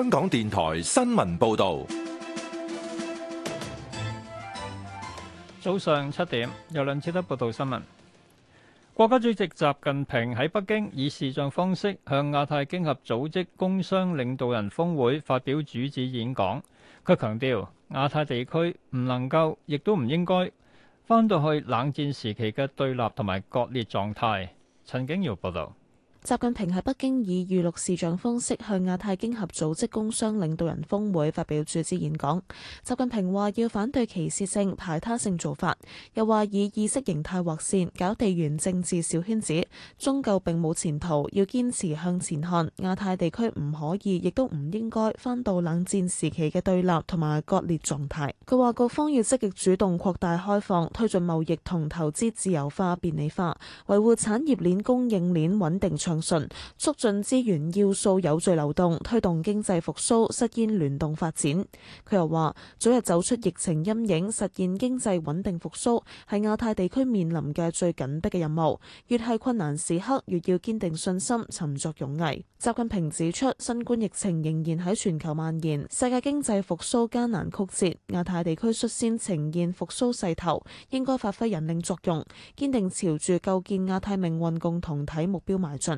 香港電台新聞報道，早上七點有兩次得報道新聞。國家主席習近平喺北京以視像方式向亞太經合組織工商領導人峰會發表主旨演講。佢強調，亞太地區唔能夠，亦都唔應該翻到去冷戰時期嘅對立同埋割裂狀態。陳景瑤報道。習近平喺北京以預錄視像方式向亞太經合組織工商領導人峰會發表主旨演講。習近平話要反對歧視性排他性做法，又話以意識形態劃線搞地緣政治小圈子，終究並冇前途。要堅持向前看，亞太地區唔可以，亦都唔應該返到冷戰時期嘅對立同埋割裂狀態。佢話各方要積極主動擴大開放，推進貿易同投資自由化便利化，維護產業鏈供應鏈穩定長，促進資源要素有序流動，推動經濟復甦，率先聯動發展。佢又話：早日走出疫情陰影，實現經濟穩定復甦，係亞太地區面臨嘅最緊迫嘅任務。越係困難時刻，越要堅定信心，沉着勇毅。習近平指出，新冠疫情仍然喺全球蔓延，世界經濟復甦艱難曲折，亞太地區率先呈現復甦勢頭，應該發揮引領作用，堅定朝住構建亞太命運共同體目標邁進。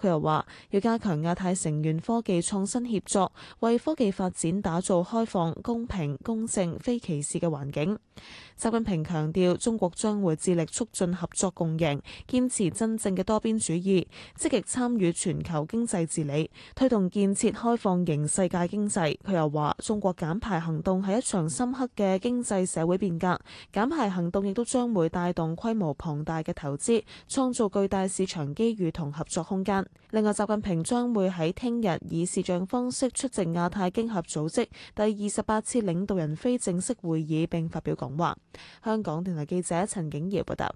佢又話要加強亞太成員科技創新協作，為科技發展打造開放、公平、公正、非歧視嘅環境。習近平強調，中國將會致力促進合作共贏，堅持真正嘅多邊主義，積極參與全球經濟治理，推動建設開放型世界經濟。佢又話，中國減排行動係一場深刻嘅經濟社會變革，減排行動亦都將會帶動規模龐大嘅投資，創造巨大市場機遇同合作。另外，習近平將會喺聽日以視像方式出席亞太經合組織第二十八次領導人非正式會議，並發表講話。香港電台記者陳景堯報道。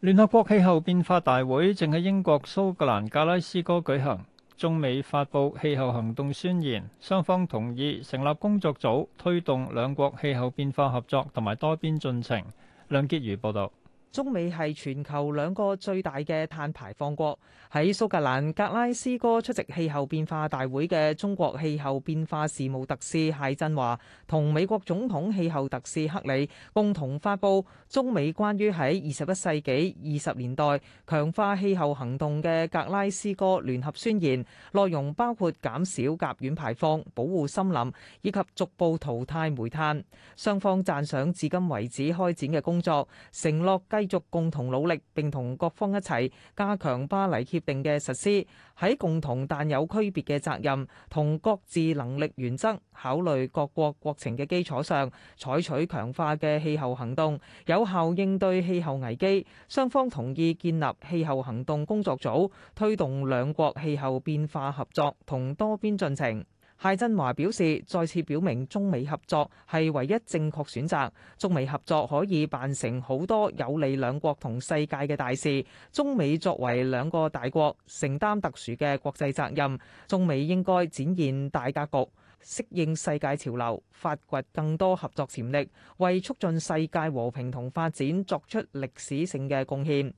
聯合國氣候變化大會正喺英國蘇格蘭格拉斯哥舉行，中美發布氣候行動宣言，雙方同意成立工作組，推動兩國氣候變化合作同埋多邊進程。梁潔如報道。中美係全球兩個最大嘅碳排放國，喺蘇格蘭格拉斯哥出席氣候變化大會嘅中國氣候變化事務特使謝振華同美國總統氣候特使克里共同發佈中美關於喺二十一世紀二十年代強化氣候行動嘅格拉斯哥聯合宣言，內容包括減少甲烷排放、保護森林以及逐步淘汰煤炭。雙方讚賞至今為止開展嘅工作，承諾。繼續共同努力，並同各方一齊加強巴黎協定嘅實施，喺共同但有區別嘅責任同各自能力原則考慮各國國情嘅基礎上，採取強化嘅氣候行動，有效應對氣候危機。雙方同意建立氣候行動工作組，推動兩國氣候變化合作同多邊進程。謝振華表示，再次表明中美合作係唯一正確選擇。中美合作可以辦成好多有利兩國同世界嘅大事。中美作為兩個大國，承擔特殊嘅國際責任。中美應該展現大格局，適應世界潮流，發掘更多合作潛力，為促進世界和平同發展作出歷史性嘅貢獻。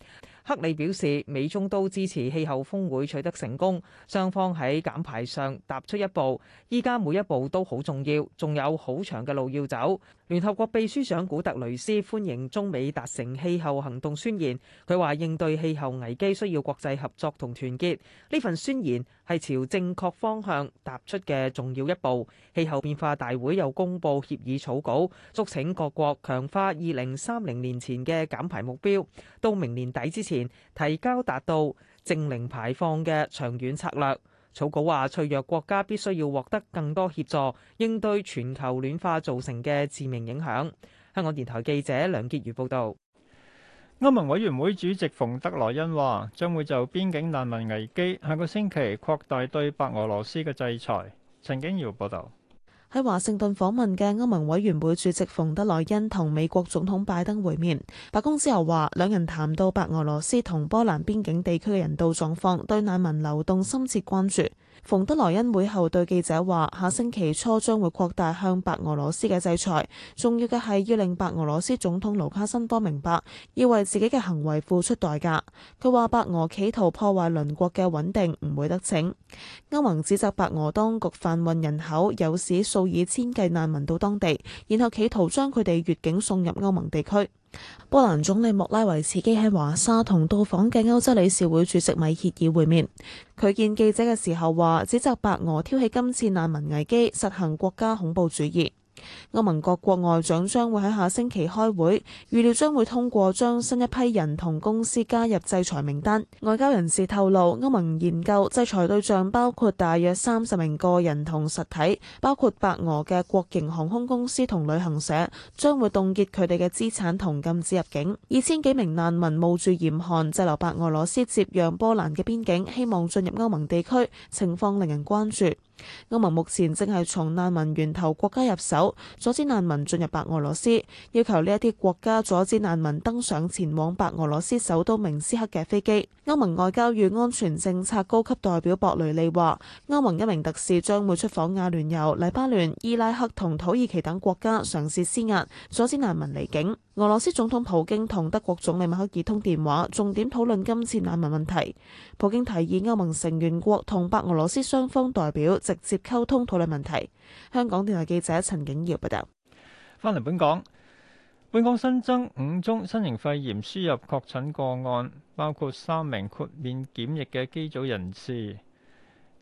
克里表示，美中都支持氣候峰會取得成功，雙方喺減排上踏出一步，依家，每一步都好重要，仲有好長嘅路要走。聯合國秘書長古特雷斯歡迎中美達成氣候行動宣言，佢話應對氣候危機需要國際合作同團結，呢份宣言係朝正確方向踏出嘅重要一步。氣候變化大會又公布協議草稿，促請各國強化二零三零年前嘅減排目標，到明年底之前。前提交達到淨零排放嘅長遠策略。草稿話，脆弱國家必須要獲得更多協助，應對全球暖化造成嘅致命影響。香港電台記者梁潔如報道。歐盟委員會主席馮德萊恩話，將會就邊境難民危機下個星期擴大對白俄羅斯嘅制裁。陳景瑤報道。喺華盛頓訪問嘅歐盟委員會主席馮德萊恩同美國總統拜登會面，白宮之後話，兩人談到白俄羅斯同波蘭邊境地區嘅人道狀況，對難民流動深切關注。馮德萊恩會後對記者話，下星期初將會擴大向白俄羅斯嘅制裁，重要嘅係要令白俄羅斯總統盧卡申科明白要為自己嘅行為付出代價。佢話白俄企圖破壞鄰國嘅穩定唔會得逞。歐盟指責白俄當局販運人口，誘使數以千計難民到當地，然後企圖將佢哋越境送入歐盟地區。波蘭總理莫拉維茨基喺華沙同到訪嘅歐洲理事會主席米歇爾會面。佢見記者嘅時候話，指責白俄挑起今次難民危機，實行國家恐怖主義。歐盟各國外長將會喺下星期開會，預料將會通過將新一批人同公司加入制裁名單。外交人士透露，歐盟研究制裁對象包括大約三十名個人同實體，包括白俄嘅國營航空公司同旅行社，將會凍結佢哋嘅資產同禁止入境。二千幾名難民冒住嚴寒滯留白俄羅斯接壤波蘭嘅邊境，希望進入歐盟地區，情況令人關注。歐盟目前正係從難民源頭國家入手，阻止難民進入白俄羅斯，要求呢一啲國家阻止難民登上前往白俄羅斯首都明斯克嘅飛機。歐盟外交與安全政策高級代表博雷利話，歐盟一名特使將會出訪阿聯酋、黎巴嫩、伊拉克同土耳其等國家嘗試，嘗試施壓阻止難民離境。俄羅斯總統普京同德國總理默克爾通電話，重點討論今次難民問題。普京提議歐盟成員國同白俄羅斯雙方代表。直接溝通討論問題。香港電台記者陳景耀報道。返嚟本港，本港新增五宗新型肺炎輸入確診個案，包括三名豁免檢疫嘅機組人士，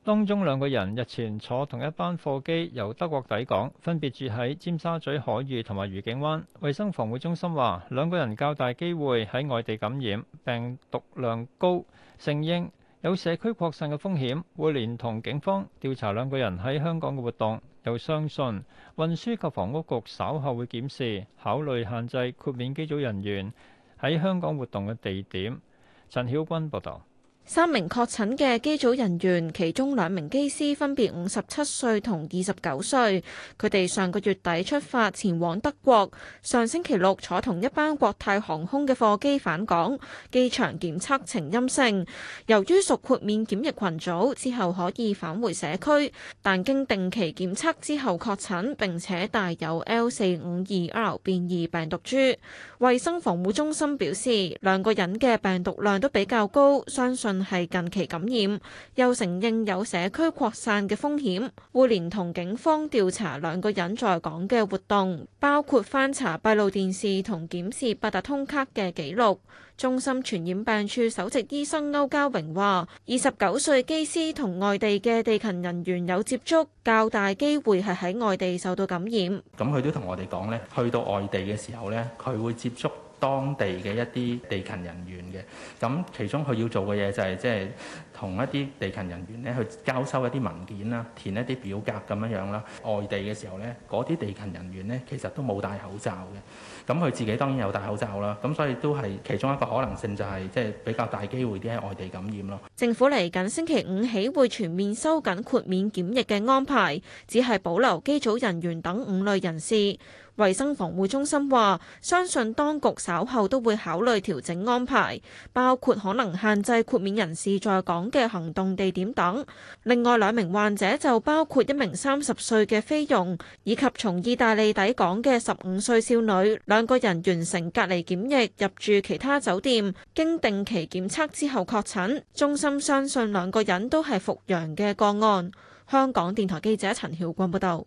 當中兩個人日前坐同一班貨機由德國抵港，分別住喺尖沙咀海裕同埋愉景灣。衛生防護中心話，兩個人較大機會喺外地感染，病毒量高，性應。有社區擴散嘅風險，會連同警方調查兩個人喺香港嘅活動，又相信運輸及房屋局稍後會檢視，考慮限制豁免機組人員喺香港活動嘅地點。陳曉君報道。三名確診嘅機組人員，其中兩名機師分別五十七歲同二十九歲，佢哋上個月底出發前往德國，上星期六坐同一班國泰航空嘅貨機返港，機場檢測呈陰性。由於屬豁免檢疫群組，之後可以返回社區，但經定期檢測之後確診，並且帶有 L 四五二 R 變異病毒株。衛生防護中心表示，兩個人嘅病毒量都比較高，相信。係近期感染，又承認有社區擴散嘅風險，會連同警方調查兩個人在港嘅活動，包括翻查閉路電視同檢視八達通卡嘅記錄。中心傳染病處首席醫生歐家榮話，二十九歲機師同外地嘅地勤人員有接觸，較大機會係喺外地受到感染。咁佢都同我哋講，呢去到外地嘅時候呢佢會接觸當地嘅一啲地勤人員嘅，咁其中佢要做嘅嘢就係即係。就係同一啲地勤人員呢去交收一啲文件啦，填一啲表格咁樣樣啦。外地嘅時候呢，嗰啲地勤人員呢，其實都冇戴口罩嘅，咁佢自己當然有戴口罩啦。咁所以都係其中一個可能性，就係即係比較大機會啲喺外地感染咯。政府嚟緊星期五起會全面收緊豁免檢疫嘅安排，只係保留機組人員等五類人士。衞生防護中心話，相信當局稍後都會考慮調整安排，包括可能限制豁免人士在港嘅行動地點等，另外兩名患者就包括一名三十歲嘅菲傭以及從意大利抵港嘅十五歲少女，兩個人完成隔離檢疫，入住其他酒店，經定期檢測之後確診。中心相信兩個人都係復陽嘅個案。香港電台記者陳曉君報道。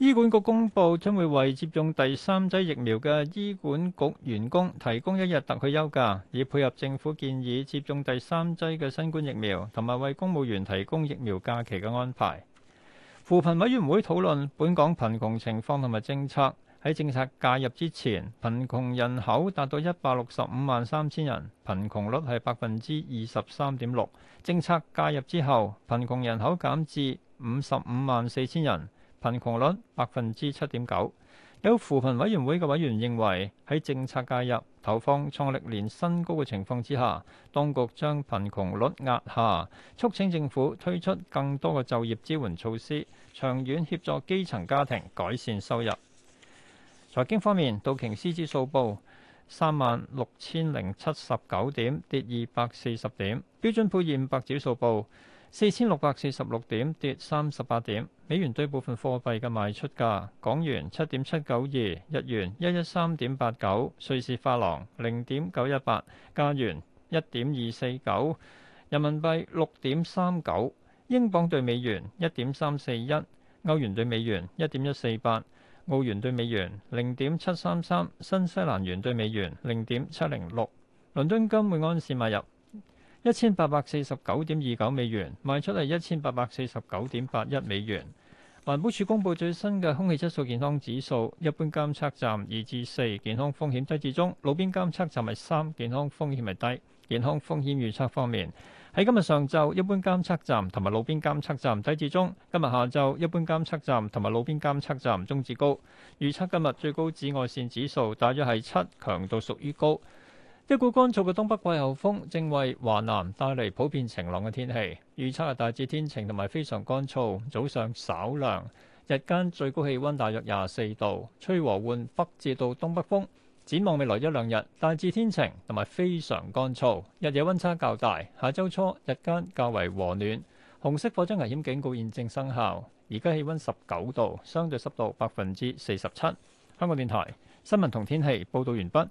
醫管局公布，將會為接種第三劑疫苗嘅醫管局員工提供一日特許休假，以配合政府建議接種第三劑嘅新冠疫苗，同埋為公務員提供疫苗假期嘅安排。扶貧委員會討論本港貧窮情況同埋政策。喺政策介入之前，貧窮人口達到一百六十五萬三千人，貧窮率係百分之二十三點六。政策介入之後，貧窮人口減至五十五萬四千人。貧窮率百分之七點九，有扶貧委員會嘅委員認為喺政策介入、投放創歷年新高嘅情況之下，當局將貧窮率壓下，促請政府推出更多嘅就業支援措施，長遠協助基層家庭改善收入。財經方面，道瓊斯指數報三萬六千零七十九點，跌二百四十點。標準普爾五百指數報四千六百四十六點，跌三十八點。美元對部分貨幣嘅賣出價：港元七點七九二，日元一一三點八九，瑞士法郎零點九一八，加元一點二四九，人民幣六點三九，英鎊對美元一點三四一，歐元對美元一點一四八。澳元兌美元零點七三三，新西蘭元兌美元零點七零六，倫敦金每安士買入一千八百四十九點二九美元，賣出嚟一千八百四十九點八一美元。環保署公布最新嘅空氣質素健康指數，一般監測站二至四，健康風險低至中；路邊監測站係三，健康風險係低。健康風險預測方面。喺今日上晝，一般監測站同埋路邊監測站低至中；今日下晝，一般監測站同埋路邊監測站中至高。預測今日最高紫外線指數大約係七，強度屬於高。一股乾燥嘅東北季候風正為華南帶嚟普遍晴朗嘅天氣，預測係大致天晴同埋非常乾燥，早上稍涼，日間最高氣温大約廿四度，吹和緩北至到東北風。展望未來一兩日，大致天晴，同埋非常乾燥，日夜温差較大。下周初日間較為和暖。紅色火災危險警告現正生效。而家氣温十九度，相對濕度百分之四十七。香港電台新聞同天氣報導完畢。